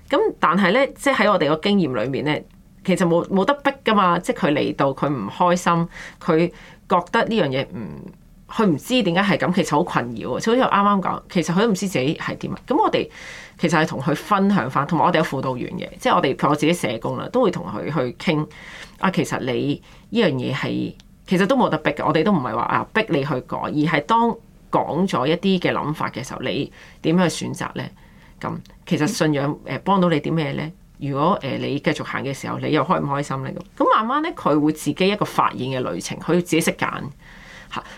咁但係咧即係喺我哋個經驗裏面咧，其實冇冇得逼㗎嘛，即係佢嚟到佢唔開心，佢覺得呢樣嘢唔。佢唔知點解係咁，其實好困擾啊！就好似啱啱講，其實佢都唔知自己係點啊！咁我哋其實係同佢分享翻，同埋我哋有輔導員嘅，即係我哋我自己社工啦，都會同佢去傾啊。其實你呢樣嘢係其實都冇得逼嘅，我哋都唔係話啊逼你去改，而係當講咗一啲嘅諗法嘅時候，你點樣去選擇呢？咁其實信仰誒幫到你啲咩呢？如果誒、呃、你繼續行嘅時候，你又開唔開心呢？咁咁慢慢呢，佢會自己一個發現嘅旅程，佢自己識揀。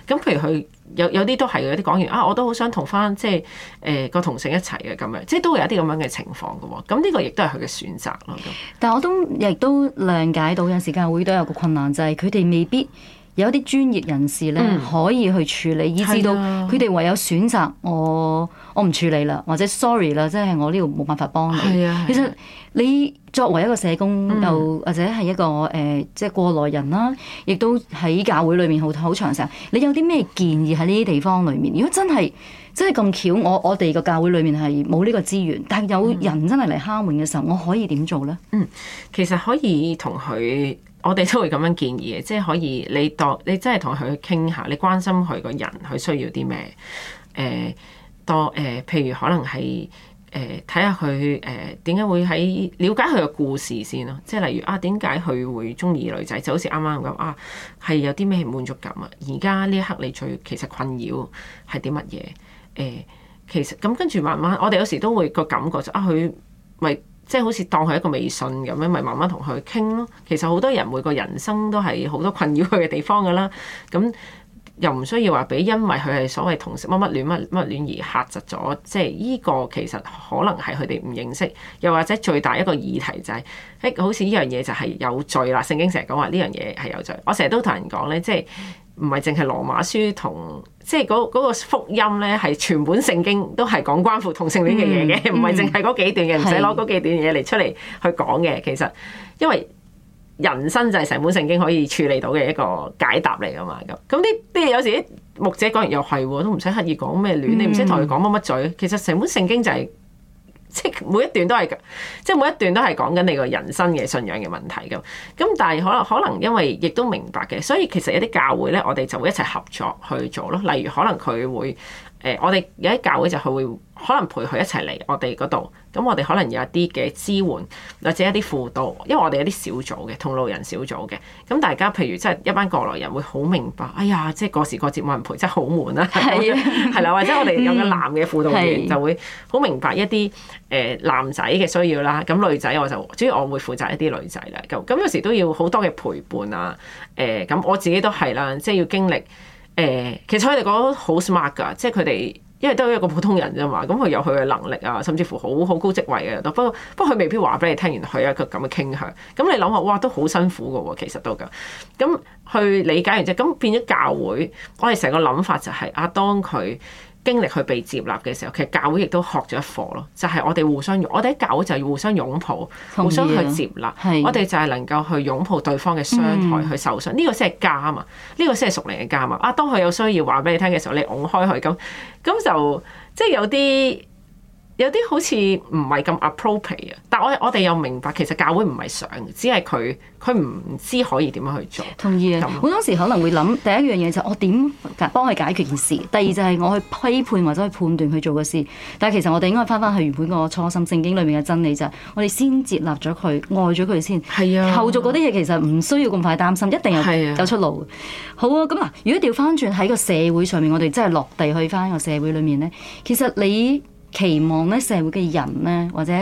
咁譬如佢有有啲都係嘅，有啲講完啊，我都好想同返即係誒個同性一齊嘅咁樣，即係都會有一啲咁樣嘅情況嘅喎。咁呢個亦都係佢嘅選擇咯。但係我都亦都諒解到有時間會都有個困難，就係佢哋未必。有啲專業人士咧、嗯、可以去處理，以至到佢哋唯有選擇我，啊、我唔處理啦，或者 sorry 啦，即、就、係、是、我呢度冇辦法幫你。啊啊、其實你作為一個社工，嗯、又或者係一個誒，即、呃、係、就是、過來人啦、啊，亦都喺教會裏面好好長時。你有啲咩建議喺呢啲地方裏面？如果真係真係咁巧，我我哋個教會裏面係冇呢個資源，但係有人真係嚟敲門嘅時候，嗯、我可以點做呢？嗯，其實可以同佢。我哋都會咁樣建議嘅，即係可以你當你真係同佢傾下，你關心佢個人，佢需要啲咩？誒、欸，當誒、欸，譬如可能係誒，睇、欸、下佢誒點解會喺了解佢嘅故事先咯、啊。即係例如啊，點解佢會中意女仔？就好似啱啱咁啊，係有啲咩滿足感啊？而家呢一刻你最其實困擾係啲乜嘢？誒、欸，其實咁跟住慢慢，我哋有時都會個感覺就是、啊，佢為。即係好似當佢一個微信咁樣，咪慢慢同佢傾咯。其實好多人每個人生都係好多困擾佢嘅地方㗎啦。咁。又唔需要話俾，因為佢係所謂同性乜乜戀乜乜戀而嚇窒咗。即係呢個其實可能係佢哋唔認識，又或者最大一個議題就係、是，誒、欸、好似呢樣嘢就係有罪啦。聖經成日講話呢樣嘢係有罪。我成日都同人講咧，即係唔係淨係羅馬書同即係嗰個福音咧，係全本聖經都係講關乎同性戀嘅嘢嘅，唔係淨係嗰幾段嘅，唔使攞嗰幾段嘢嚟出嚟去講嘅。其實因為。人生就係成本聖經可以處理到嘅一個解答嚟㗎嘛？咁咁啲啲有時啲牧者講完又係喎，都唔使刻意講咩亂，嗯、你唔使同佢講乜乜嘴。其實成本聖經就係即每一段都係，即每一段都係講緊你個人生嘅信仰嘅問題咁。咁但係可能可能因為亦都明白嘅，所以其實一啲教會咧，我哋就會一齊合作去做咯。例如可能佢會。誒，我哋有啲教會就佢會可能陪佢一齊嚟我哋嗰度，咁我哋可能有一啲嘅支援，或者一啲輔導，因為我哋有啲小組嘅同路人小組嘅，咁大家譬如即係一班過來人會好明白，哎呀，即係過時過節冇人陪，真係好悶啦，係啦是的， 或者我哋有個男嘅輔導員是的 就會好明白一啲誒男仔嘅需要啦，咁女仔我就主要我會負責一啲女仔啦，咁咁有時都要好多嘅陪伴啊，誒，咁我自己都係啦，即係要經歷。誒、欸，其實佢哋講得好 smart 噶，即係佢哋，因為都一個普通人啫嘛，咁佢有佢嘅能力啊，甚至乎好好高職位嘅、啊、都，不過不過佢未必話俾你聽，完佢有一個咁嘅傾向。咁你諗下，哇，都好辛苦嘅喎、啊，其實都咁，咁去理解完之後，咁變咗教會，我哋成個諗法就係、是、啊，當佢。經歷去被接納嘅時候，其實教會亦都學咗一課咯。就係、是、我哋互相，我哋喺教會就要互相擁抱，意互相去接納。的我哋就係能夠去擁抱對方嘅傷害，嗯、去受傷。呢、這個先係家嘛，呢、這個先係屬靈嘅家嘛。啊，當佢有需要話俾你聽嘅時候，你擁開佢咁，咁就即係、就是、有啲。有啲好似唔係咁 appropriate 啊，但我我哋又明白，其實教會唔係想，只係佢佢唔知可以點樣去做。同意啊！好多時可能會諗第一樣嘢就我點幫佢解決件事，第二就係我去批判或者去判斷佢做嘅事。但係其實我哋應該翻翻去原本個初心，聖經裏面嘅真理就係我哋先接納咗佢，愛咗佢先。係啊！後續嗰啲嘢其實唔需要咁快擔心，一定有有出路。啊好啊！咁嗱，如果調翻轉喺個社會上面，我哋真係落地去翻個社會裏面咧，其實你。期望咧，社會嘅人咧，或者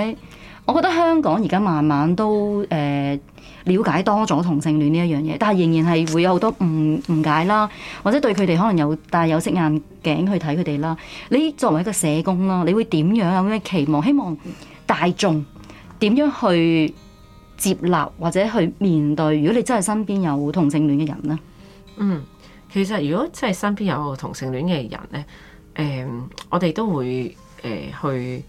我覺得香港而家慢慢都誒、呃、了解多咗同性戀呢一樣嘢，但係仍然係會有好多誤誤解啦，或者對佢哋可能有戴有色眼鏡去睇佢哋啦。你作為一個社工啦，你會點樣有咩期望？希望大眾點樣去接納或者去面對？如果你真係身邊有同性戀嘅人呢？嗯，其實如果真係身邊有同性戀嘅人呢，誒、嗯，我哋都會。誒、呃、去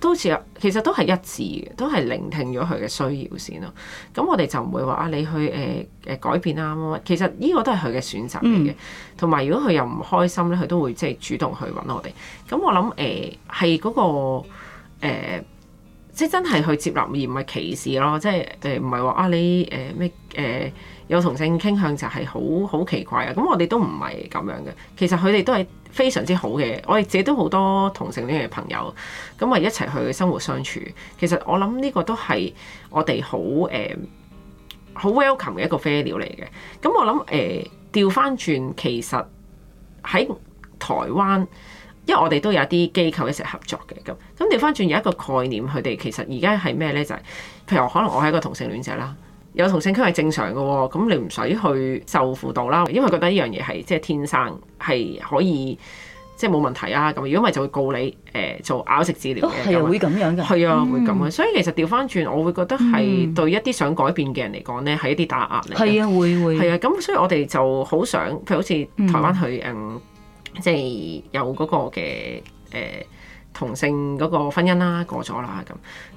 都似其實都係一致嘅，都係聆聽咗佢嘅需要先咯。咁我哋就唔會話、啊、你去誒誒、呃呃、改變啊。其實呢個都係佢嘅選擇嚟嘅。同埋如果佢又唔開心咧，佢都會即係主動去搵我哋。咁我諗誒係嗰個、呃、即係真係去接納而唔係歧視咯。即係誒唔係話啊你誒咩誒有同性傾向就係好好奇怪啊。咁我哋都唔係咁樣嘅。其實佢哋都係。非常之好嘅，我哋自己都好多同性戀嘅朋友，咁啊一齊去生活相處。其實我諗呢個都係我哋好誒好 welcome 嘅一個飛鳥嚟嘅。咁我諗誒調返轉，其實喺台灣，因為我哋都有一啲機構一齊合作嘅咁。咁調返轉有一個概念，佢哋其實而家係咩呢？就係、是、譬如可能我係一個同性戀者啦。有同性區係正常嘅喎、哦，咁你唔使去受輔導啦，因為覺得呢樣嘢係即係天生係可以即係冇問題啊。咁如果唔係就會告你誒、呃、做咬食治療，都係、哦、為會咁樣嘅，係啊會咁嘅。嗯、所以其實調翻轉，我會覺得係對一啲想改變嘅人嚟講咧，係一啲大壓力係、嗯、啊，會會係啊。咁所以我哋就好想，譬如好似台灣去，誒、嗯，即係、嗯就是、有嗰個嘅誒。呃同性嗰個婚姻啦過咗啦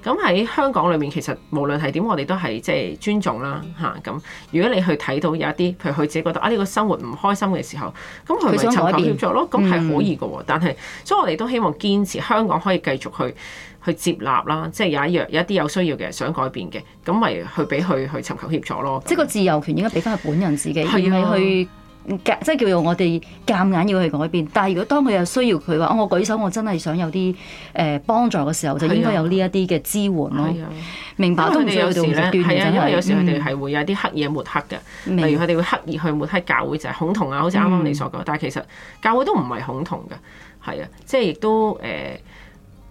咁，咁喺香港裏面其實無論係點，我哋都係即係尊重啦嚇咁、啊。如果你去睇到有一啲，譬如佢自己覺得啊呢、呢個生活唔開心嘅時候，咁佢咪尋求協助咯。咁係可以嘅喎、喔，但係所以我哋都希望堅持香港可以繼續去、嗯、去接納啦，即係有一樣有一啲有需要嘅想改變嘅，咁咪去俾佢去尋求協助咯。即係個自由權應該俾翻佢本人自己，係咪去？即係叫做我哋夾硬，硬要去改變，但係如果當佢有需要佢話、哦，我舉手，我真係想有啲誒、呃、幫助嘅時候，就應該有呢一啲嘅支援咯。啊啊、明白，因為你有時、就是、啊，因為有時佢哋係會有啲黑夜抹黑嘅，例、嗯、如佢哋會刻意去抹黑教會就係恐同啊，好似啱啱你所講，嗯、但係其實教會都唔係恐同嘅，係啊，即係亦都誒、呃、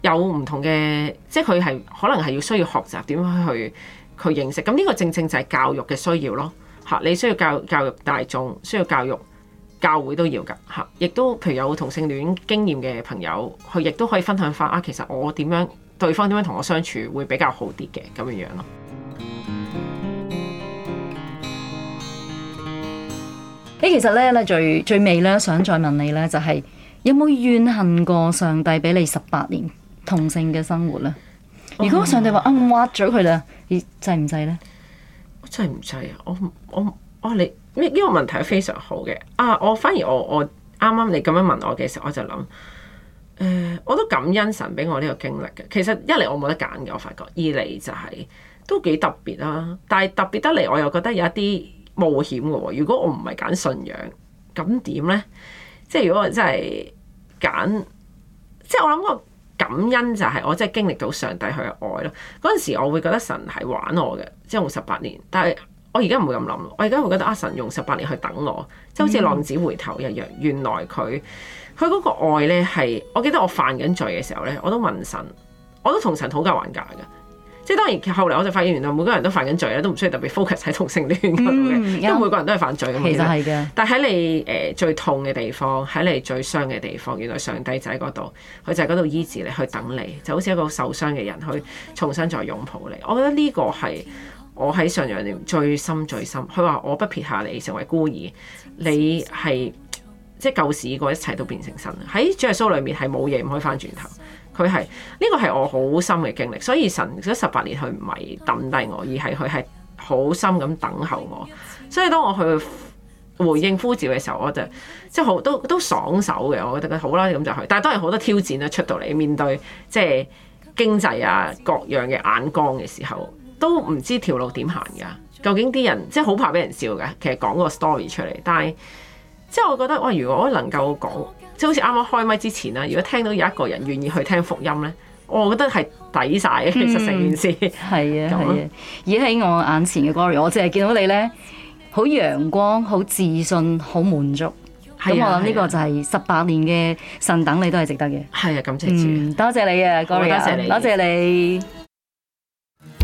有唔同嘅，即係佢係可能係要需要學習點樣去去認識，咁呢個正正就係教育嘅需要咯。吓，你需要教育教育大眾，需要教育教會都要噶吓，亦、啊、都譬如有同性戀經驗嘅朋友，佢亦都可以分享返啊，其實我點樣，對方點樣同我相處會比較好啲嘅咁樣樣咯。誒，其實咧咧最最尾咧，想再問你咧，就係、是、有冇怨恨過上帝俾你十八年同性嘅生活咧？Oh. 如果上帝話嗯，挖咗佢啦，你制唔制咧？真係唔制啊！我我我，你呢呢個問題係非常好嘅啊！我反而我我啱啱你咁樣問我嘅時候，我就諗，誒、呃，我都感恩神俾我呢個經歷嘅。其實一嚟我冇得揀嘅，我發覺；二嚟就係，都幾特別啦。但係特別得嚟，我又覺得有一啲冒險嘅。如果我唔係揀信仰，咁點呢？即係如果我真係揀，即係我諗我。感恩就係我真係經歷到上帝佢嘅愛咯，嗰陣時我會覺得神係玩我嘅，即係用十八年。但係我而家唔會咁諗，我而家會覺得啊，神用十八年去等我，即係好似浪子回頭一樣。原來佢佢嗰個愛呢，係，我記得我犯緊罪嘅時候呢，我都問神，我都同神討價還價嘅。即係當然，後嚟我就發現原來每個人都犯緊罪咧，都唔需要特別 focus 喺同性戀度嘅，嗯、因為每個人都係犯罪嘅。其實係嘅。但喺你誒、呃、最痛嘅地方，喺你最傷嘅地方，原來上帝就喺嗰度，佢就喺嗰度醫治你，去等你，就好似一個受傷嘅人去重新再擁抱你。我覺得呢個係我喺信仰裡面最深最深。佢話我不撇下你成為孤兒，你係即係舊事過嗰一切都變成新。喺 Jesus 裏面係冇嘢唔可以翻轉頭。佢係呢個係我好深嘅經歷，所以神咗十八年佢唔係抌低我，而係佢係好深咁等候我。所以當我去回應呼召嘅時候，我就即係好都都爽手嘅，我覺得好啦，啊，咁就去。但係當然好多挑戰啦，出到嚟，面對即係經濟啊各樣嘅眼光嘅時候，都唔知條路點行噶。究竟啲人即係好怕俾人笑嘅，其實講個 story 出嚟，但係即係我覺得喂，哎，如果我能夠講。即好似啱啱開麥之前啦，如果聽到有一個人願意去聽福音咧，我覺得係抵晒嘅。其實成件事係啊係啊，而家喺 那、啊啊、我眼前嘅 Gary，我淨係見到你咧，好陽光、好自信、好滿足。咁、啊啊、我諗呢個就係十八年嘅神等你都係值得嘅。係啊，感謝主，嗯、多謝你啊，Gary，啊、多謝你。多謝你。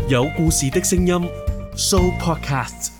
有故事的聲音，Show Podcast。